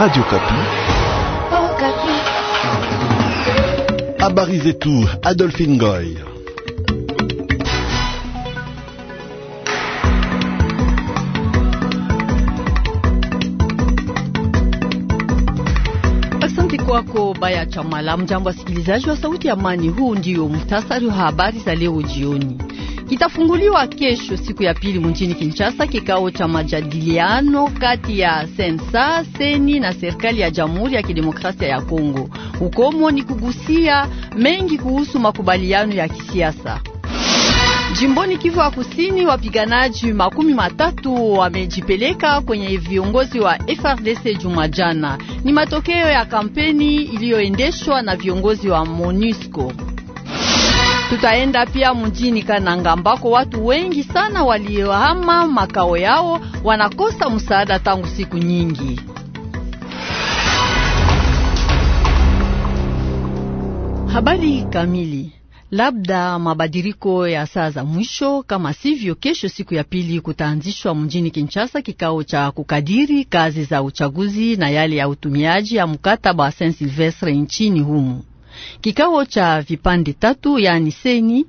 Radio Kapi. Oh, Habari zetu Adolphine Goy. Asante kwako Baya Chamala. Mjambo wasikilizaji wa Sauti ya Amani, huu ndio muhtasari wa habari za leo jioni kitafunguliwa kesho siku ya pili mjini Kinshasa kikao cha majadiliano kati ya sensa seni na serikali ya Jamhuri ya Kidemokrasia ya Kongo. Ukomo ni kugusia mengi kuhusu makubaliano ya kisiasa. Jimboni Kivu ya Kusini, wapiganaji makumi matatu wamejipeleka kwenye viongozi wa FRDC jumajana Ni matokeo ya kampeni iliyoendeshwa na viongozi wa MONUSCO. Tutaenda pia mjini Kananga ambako watu wengi sana waliohama makao yao wanakosa msaada tangu siku nyingi. Habari kamili. Labda mabadiliko ya saa za mwisho, kama sivyo, kesho siku ya pili kutaanzishwa mjini Kinshasa kikao cha kukadiri kazi za uchaguzi na yale ya utumiaji ya mkataba wa Saint Silvestre nchini humu. Kikao cha vipande tatu yaani seni,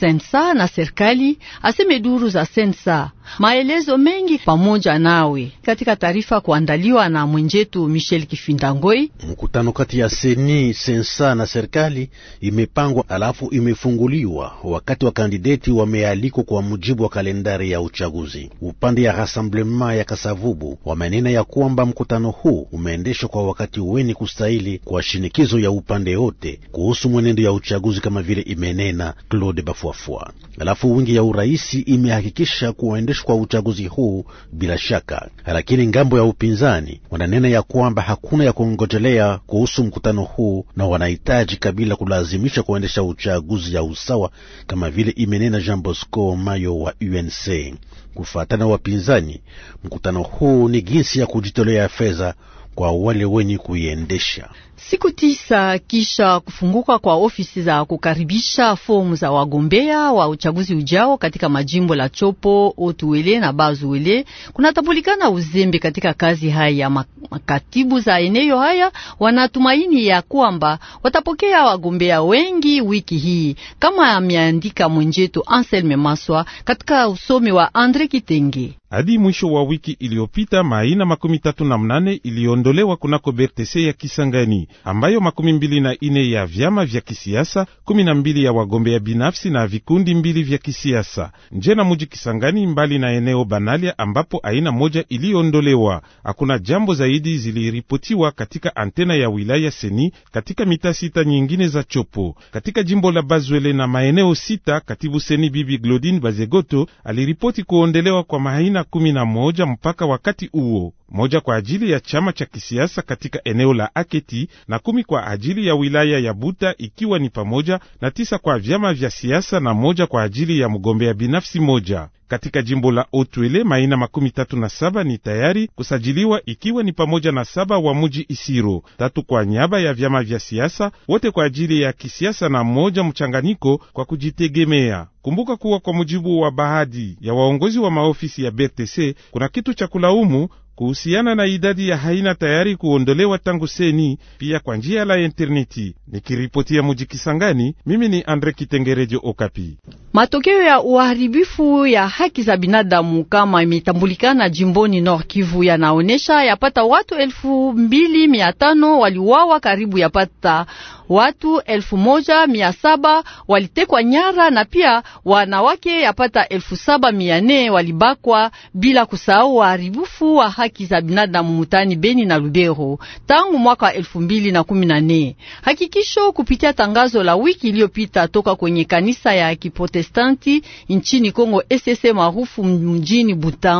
sensa na serikali, aseme duru za sensa Maelezo mengi pamoja nawe katika taarifa kuandaliwa na mwenjetu Michel Kifindangoi. Mkutano kati ya seni sensa na serikali imepangwa alafu imefunguliwa wakati wa kandideti wamealikwa kwa mujibu wa kalendari ya uchaguzi. Upande ya Rassemblement ya Kasavubu wamenena ya kwamba mkutano huu umeendeshwa kwa wakati weni kustahili kwa shinikizo ya upande wote kuhusu mwenendo ya uchaguzi kama vile imenena Claude Bafuafua. Alafu wingi ya uraisi imehakikisha kuwaendesha kutayarishwa uchaguzi huu bila shaka. Lakini ngambo ya upinzani wananena ya kwamba hakuna ya kungojelea kuhusu mkutano huu, na wanahitaji Kabila kulazimisha kuendesha uchaguzi ya usawa kama vile imenena Jean Bosco Mayo wa UNC. Kufuatana wapinzani, mkutano huu ni jinsi ya kujitolea fedha kwa wale wenye kuiendesha. Siku tisa kisha kufunguka kwa ofisi za kukaribisha fomu za wagombea wa uchaguzi ujao katika majimbo la Chopo, Otuwele na Bazuwele, kunatambulikana uzembe katika kazi haya. Makatibu za eneo haya wanatumaini ya kwamba watapokea wagombea wengi wiki hii, kama ameandika mwenjetu Anselme Maswa katika usomi wa Andre Kitenge. Hadi mwisho wa wiki iliyopita maina makumi tatu na mnane iliondolewa kunako BRTC ya Kisangani, ambayo makumi mbili na ine ya vyama vya kisiasa, kumi na mbili ya wagombea binafsi na vikundi mbili vya kisiasa nje na muji Kisangani, mbali na eneo Banalia ambapo aina moja iliondolewa. Hakuna jambo zaidi ziliripotiwa katika antena ya wilaya Seni katika mita sita nyingine za Chopo katika jimbo la Bazwele na maeneo sita. Katibu Seni Bibi glodin Bazegoto aliripoti kuondelewa kwa maina na kumi na moja mpaka wakati huo moja kwa ajili ya chama cha kisiasa katika eneo la Aketi na kumi kwa ajili ya wilaya ya Buta, ikiwa ni pamoja na tisa kwa vyama vya siasa na moja kwa ajili ya mgombea binafsi moja. Katika jimbo la Otwele maina makumi tatu na saba ni tayari kusajiliwa ikiwa ni pamoja na saba wa muji Isiro, tatu kwa nyaba ya vyama vya siasa wote kwa ajili ya kisiasa na moja mchanganyiko kwa kujitegemea. Kumbuka kuwa kwa mujibu wa bahadi ya waongozi wa maofisi ya BTC kuna kitu cha kulaumu kuhusiana na idadi ya haina tayari kuondolewa tangu seni, pia kwa njia la interneti. Nikiripotia muji Kisangani, mimi ni Andre Kitengerejo, Okapi. Matokeo ya uharibifu ya haki za binadamu kama imetambulikana jimboni Nord Kivu yanaonesha yapata watu elfu mbili mia tano waliuawa karibu yapata watu elfu moja mia saba walitekwa nyara na pia wanawake yapata elfu saba mia nne walibakwa, bila kusahau waharibifu wa haki za binadamu mutani Beni na Lubero tangu mwaka elfu mbili na kumi na nne. Hakikisho kupitia tangazo la wiki iliyopita toka kwenye kanisa ya Kiprotestanti nchini Kongo esese maarufu mjini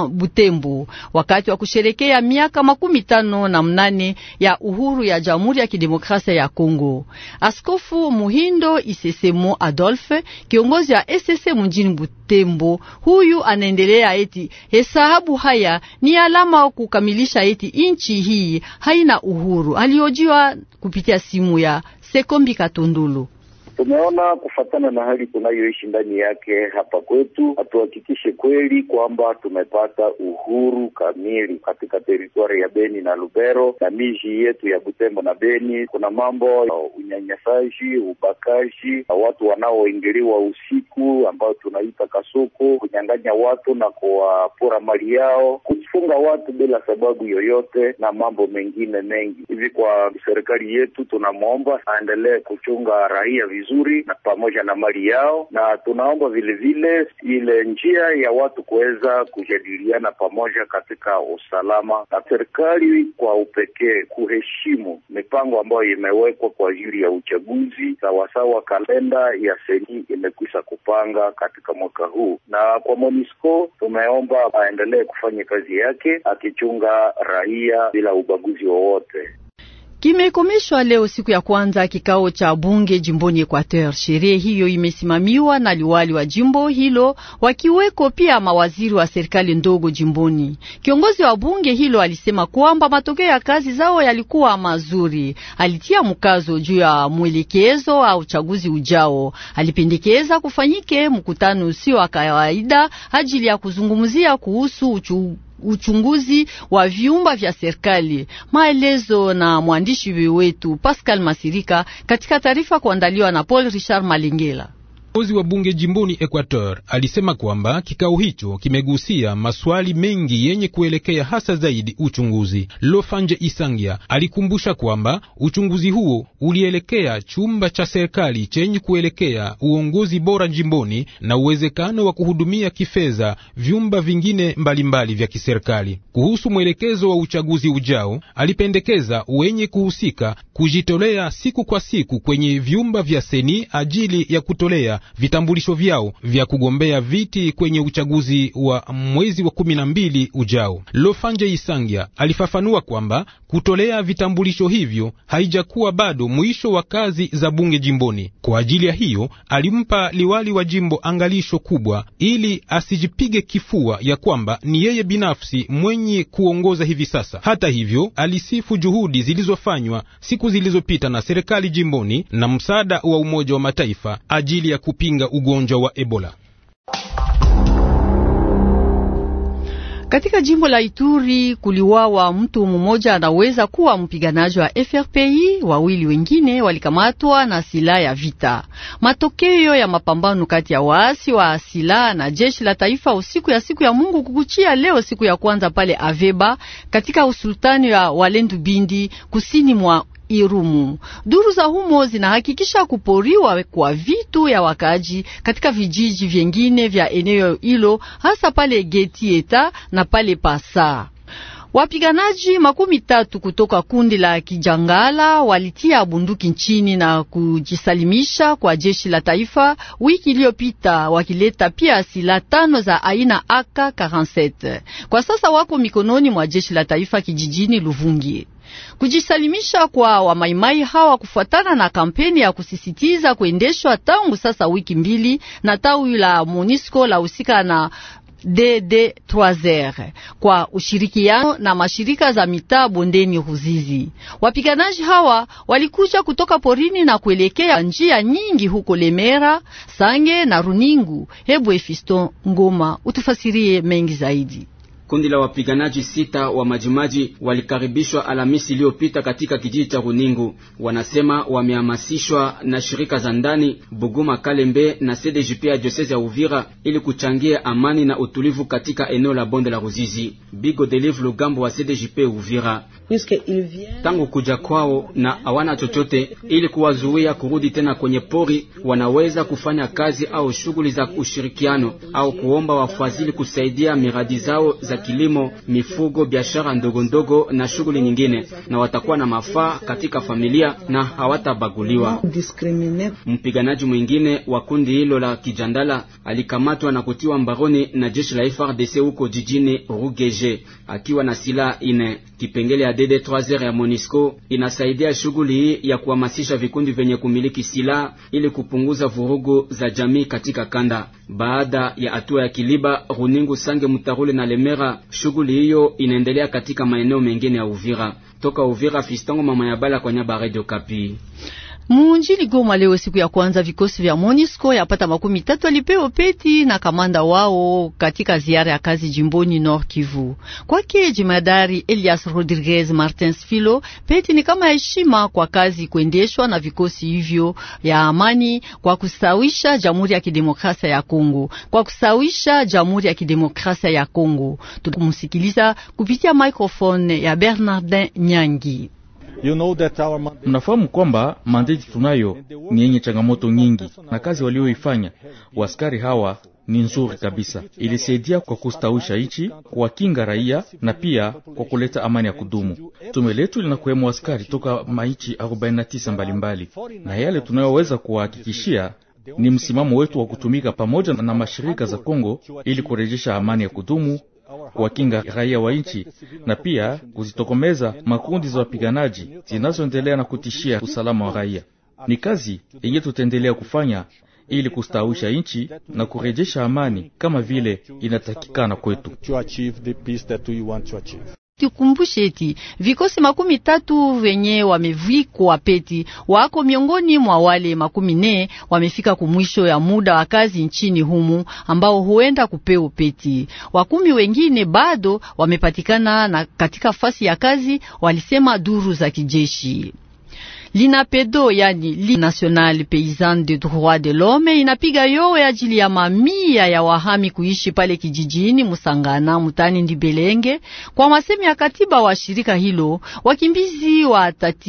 Butembo wakati wa kusherekea miaka makumi tano na mnane ya uhuru ya Jamhuri ya Kidemokrasia ya Kongo. Askofu Muhindo Isesemo Adolphe, kiongozi wa esese mjini Butembo, huyu anaendelea eti hesabu haya ni alama kukamilisha eti inchi hii haina uhuru. Aliojiwa kupitia simu ya Sekombi Katundulu. Tumeona kufatana na hali tunayoishi ndani yake hapa kwetu, hatuhakikishe kweli kwamba tumepata uhuru kamili katika teritwari ya Beni na Lubero na miji yetu ya Butembo na Beni. Kuna mambo ya unyanyasaji, ubakaji na watu wanaoingiliwa usiku, ambayo tunaita kasuku, kunyang'anya watu na kuwapora mali yao kufunga watu bila sababu yoyote na mambo mengine mengi hivi. Kwa serikali yetu, tunamwomba aendelee kuchunga raia vizuri na pamoja na mali yao, na tunaomba vilevile ile njia ya watu kuweza kujadiliana pamoja katika usalama, na serikali kwa upekee kuheshimu mipango ambayo imewekwa kwa ajili ya uchaguzi sawasawa. Kalenda ya seni imekwisha kupanga katika mwaka huu, na kwa MONUSCO tumeomba aendelee kufanya kazi ya yake akichunga raia bila ubaguzi wowote. Kimekomeshwa leo siku ya kwanza kikao cha bunge jimboni Equateur. Sherehe hiyo imesimamiwa na liwali wa jimbo hilo, wakiweko pia mawaziri wa serikali ndogo jimboni. Kiongozi wa bunge hilo alisema kwamba matokeo ya kazi zao yalikuwa mazuri. Alitia mkazo juu ya mwelekezo wa uchaguzi ujao. Alipendekeza kufanyike mkutano usio wa kawaida ajili ya kuzungumzia kuhusu uchu uchunguzi wa vyumba vya serikali. Maelezo na mwandishi wetu Pascal Masirika katika taarifa kuandaliwa na Paul Richard Malingela. Kiongozi wa bunge jimboni Equateur alisema kwamba kikao hicho kimegusia maswali mengi yenye kuelekea hasa zaidi uchunguzi. Lofanje Isangia alikumbusha kwamba uchunguzi huo ulielekea chumba cha serikali chenye kuelekea uongozi bora jimboni na uwezekano wa kuhudumia kifedha vyumba vingine mbalimbali mbali vya kiserikali. Kuhusu mwelekezo wa uchaguzi ujao, alipendekeza wenye kuhusika kujitolea siku kwa siku kwenye vyumba vya seni ajili ya kutolea vitambulisho vyao vya kugombea viti kwenye uchaguzi wa mwezi wa kumi na mbili ujao. Lofanje Isangia alifafanua kwamba kutolea vitambulisho hivyo haijakuwa bado mwisho wa kazi za bunge jimboni. Kwa ajili ya hiyo, alimpa liwali wa jimbo angalisho kubwa ili asijipige kifua ya kwamba ni yeye binafsi mwenye kuongoza hivi sasa. Hata hivyo, alisifu juhudi zilizofanywa siku zilizopita na serikali jimboni na msaada wa Umoja wa Mataifa ajili ya kupinga ugonjwa wa Ebola. Katika jimbo la Ituri kuliwawa mtu mmoja anaweza kuwa mpiganaji wa FRPI, wawili wengine walikamatwa na silaha ya vita. Matokeo ya mapambano kati ya waasi wa silaha na jeshi la taifa usiku ya siku ya Mungu kukuchia leo siku ya kwanza pale Aveba katika usultani wa Walendu Bindi kusini mwa Irumu. Duru za humo zinahakikisha kuporiwa kwa vitu ya wakaaji katika vijiji vyengine vya eneo hilo, hasa pale Geti Eta na pale Pasa. Wapiganaji makumi tatu kutoka kundi la Kijangala walitia bunduki nchini na kujisalimisha kwa jeshi la taifa wiki iliyopita, wakileta pia silaha tano za aina AK-47. Kwa sasa wako mikononi mwa jeshi la taifa kijijini Luvungi. Kujisalimisha kwa wamaimai hawa kufuatana na kampeni ya kusisitiza kuendeshwa tangu sasa wiki mbili na tawi la Monisco la husika na DD3R kwa ushirikiano na mashirika za mitaa bondeni Ruzizi. Wapiganaji hawa walikuja kutoka porini na kuelekea njia nyingi huko Lemera, Sange na Runingu. Hebu Efisto Ngoma utufasirie mengi zaidi. Kundi la wapiganaji sita wa majimaji walikaribishwa Alhamisi iliyopita katika kijiji cha Runingu. Wanasema wamehamasishwa na shirika za ndani Buguma, Kalembe na CDJP ya diosese ya Uvira ili kuchangia amani na utulivu katika eneo la bonde la Ruzizi. Bigo Delive Lugambo wa CDJP Uvira tangu kuja kwao na hawana chochote ili kuwazuia kurudi tena kwenye pori. Wanaweza kufanya kazi au shughuli za ushirikiano au kuomba wafadhili kusaidia miradi zao za kilimo, mifugo, biashara ndogo ndogo na shughuli nyingine, na watakuwa na mafaa katika familia na hawatabaguliwa. Mpiganaji mwingine wa kundi hilo la Kijandala alikamatwa na kutiwa mbaroni na jeshi la FRDC huko jijini Rugeje akiwa na silaha ine. Kipengele ya DD 3 ya Monisco inasaidia shughuli hii ya kuhamasisha vikundi vyenye kumiliki silaha ili kupunguza vurugu za jamii katika kanda. Baada ya hatua ya Kiliba, Runingu, Sange, Mutarule na Lemera, shughuli hiyo inaendelea katika maeneo mengine ya Uvira. Toka Uvira, Fistongo mama ya bala kwa nyaba Radio Kapi. Munjini Goma leo siku ya kwanza vikosi vya Monisco yapata makumi tatu alipewa peti na kamanda wao katika ziara ya kazi jimboni Nord Kivu. Kwake Jimadari Elias Rodriguez Martins Filo, peti ni kama heshima kwa kazi kuendeshwa na vikosi hivyo ya amani kwa kusawisha Jamhuri ya Kidemokrasia ya Kongo. Kwa kusawisha Jamhuri ya Kidemokrasia ya Kongo. Tukumsikiliza kupitia microphone ya Bernardin Nyangi. You know mnafahamu kwamba mandeti tunayo ni yenye changamoto nyingi, na kazi walioifanya waskari hawa ni nzuri kabisa, ilisaidia kwa kustawisha nchi, kuwakinga raia na pia kwa kuleta amani ya kudumu. Tume letu linakuwemo askari toka maichi 49 mbalimbali, na yale tunayoweza kuwahakikishia ni msimamo wetu wa kutumika pamoja na mashirika za Kongo ili kurejesha amani ya kudumu kuwakinga raia wa nchi na pia kuzitokomeza makundi za wapiganaji zinazoendelea na kutishia usalama wa raia. Ni kazi yenye tutaendelea kufanya ili kustawisha nchi na kurejesha amani kama vile inatakikana kwetu. Tukumbushe eti vikosi makumi tatu venye wamevikwa peti wako miongoni mwa wale makumi ne wamefika kumwisho ya muda wa kazi nchini humu ambao huenda kupeo peti. Wakumi wengine bado wamepatikana na katika fasi ya kazi, walisema duru za kijeshi. Linapedo, yani li National Paysan de Droit de L'Homme, inapiga yowe ajili ya mamia ya wahami kuishi pale kijijini Musangana mutani Ndibelenge. Kwa masemi ya katiba wa shirika hilo, wakimbizi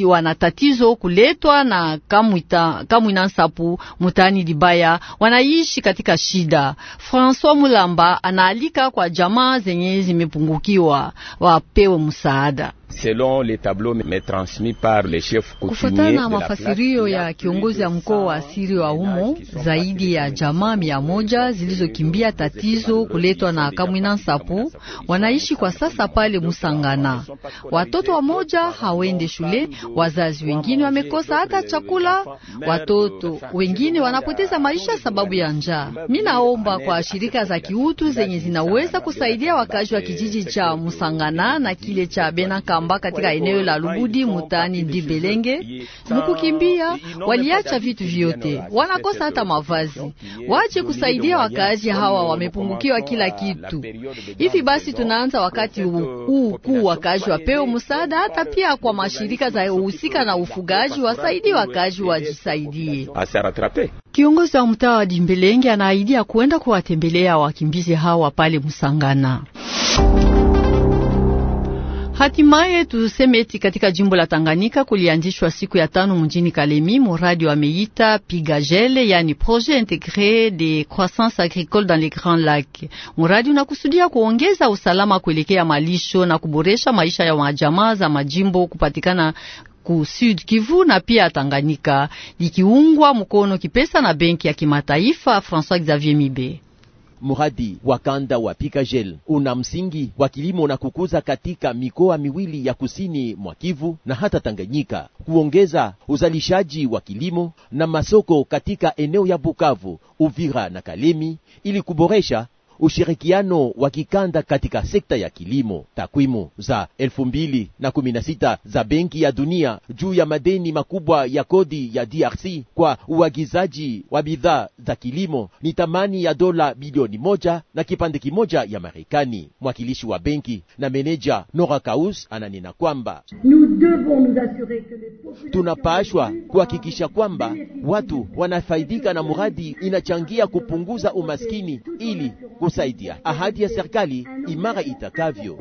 wana tatizo kuletwa na Kamwita, Kamwina Nsapu mutani Libaya, wanaishi katika shida. François Mulamba anaalika kwa jamaa zenye zimepungukiwa wapewe msaada selon les tableaux mais transmis par les chefs kufuatana na mafasirio ya kiongozi ya mkoa wa asiri wa humo, zaidi ya jamaa mia moja zilizokimbia tatizo kuletwa na Kamwina Nsapu wanaishi kwa sasa pale Musangana. Watoto wa moja hawende shule, wazazi wengine wamekosa hata chakula, watoto wengine wanapoteza maisha sababu ya njaa. Minaomba kwa shirika za kiutu zenye zinaweza kusaidia wakazi wa kijiji cha Musangana na kile cha Benaka Kamba katika eneo la Lubudi mutani Dibelenge. Mukukimbia waliacha vitu vyote, wanakosa hata mavazi. Waache kusaidia wakaaji hawa, wamepungukiwa kila kitu. Hivi basi tunaanza wakati huu kuu wakaaji wapewe msaada, hata pia kwa mashirika za uhusika na ufugaji wasaidie wakaaji wajisaidie. Kiongozi wa mtaa wa Dimbelenge anaahidia kuenda kuwatembelea wakimbizi hawa pale Musangana. Hatimaye tusemeti katika jimbo la Tanganyika kulianzishwa siku ya tano mjini Kalemi muradi wa meita Pigagele, yani projet integre de croissance agricole dans les grands lacs. Muradi unakusudia kuongeza usalama kuelekea malisho na kuboresha maisha ya wajamaa za majimbo kupatikana ku Sud Kivu na pia Tanganyika, likiungwa mkono kipesa na benki ya kimataifa François Xavier Mibe mradi wa kanda wa Pikajel una msingi wa kilimo na kukuza katika mikoa miwili ya kusini mwa Kivu na hata Tanganyika, kuongeza uzalishaji wa kilimo na masoko katika eneo ya Bukavu, Uvira na Kalemi ili kuboresha ushirikiano wa kikanda katika sekta ya kilimo. Takwimu za 2016 za Benki ya Dunia juu ya madeni makubwa ya kodi ya DRC kwa uagizaji wa bidhaa za kilimo ni thamani ya dola bilioni moja na kipande kimoja ya Marekani. Mwakilishi wa benki na meneja Nora Kaus ananena kwamba tunapashwa kuhakikisha kwamba watu wanafaidika na muradi inachangia kupunguza umaskini ili kusaidia ahadi ya serikali imara itakavyo.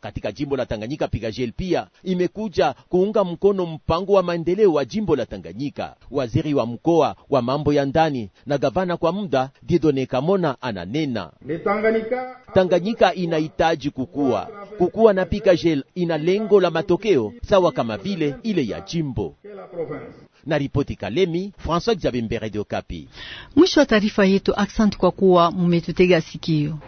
Katika jimbo la Tanganyika, Pigajel pia imekuja kuunga mkono mpango wa maendeleo wa jimbo la Tanganyika. Waziri wa mkoa wa mambo ya ndani na gavana kwa muda Didone Kamona ananena Tanganyika inahitaji kukua, kukua na Pigajel ina lengo la matokeo sawa kama vile ile ya jimbo na ripoti Kalemi, François Xavier Mbere, de Okapi. Mwisho wa taarifa yetu. Asante kwa kuwa mumetutega sikio.